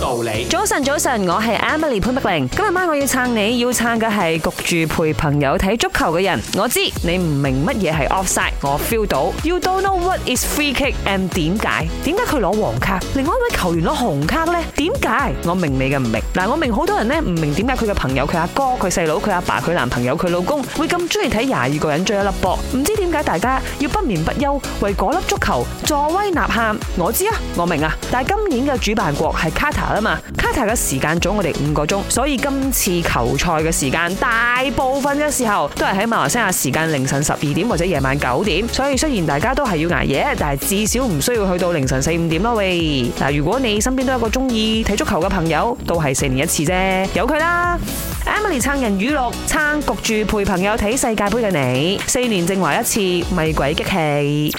道理，早晨早晨，我係 Emily 潘碧玲。今日晚我要撐你，要撐嘅係焗住陪朋友睇足球嘅人。我知你唔明乜嘢係 offside，我 feel 到。You don't know what is free kick and 點解？點解佢攞黃卡，另外一位球員攞紅卡呢？點解？我明你嘅唔明。嗱，我明好多人呢唔明點解佢嘅朋友、佢阿哥、佢細佬、佢阿爸、佢男朋友、佢老公會咁中意睇廿二個人追一粒波，唔知點解大家要不眠不休為嗰粒足球助威呐喊。我知啊，我明啊，但係今年嘅主辦國係卡塔。啊嘛，卡塔嘅時間早我哋五個鐘，所以今次球賽嘅時間大部分嘅時候都係喺馬來西亞時間凌晨十二點或者夜晚九點，所以雖然大家都係要捱夜，但係至少唔需要去到凌晨四五點咯喂。嗱，如果你身邊都有個中意睇足球嘅朋友，都係四年一次啫，有佢啦。Emily 撐人語錄，撐焗住陪朋友睇世界盃嘅你，四年正話一次，咪鬼激氣。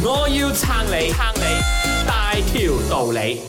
我要撐你，撐你大條道理。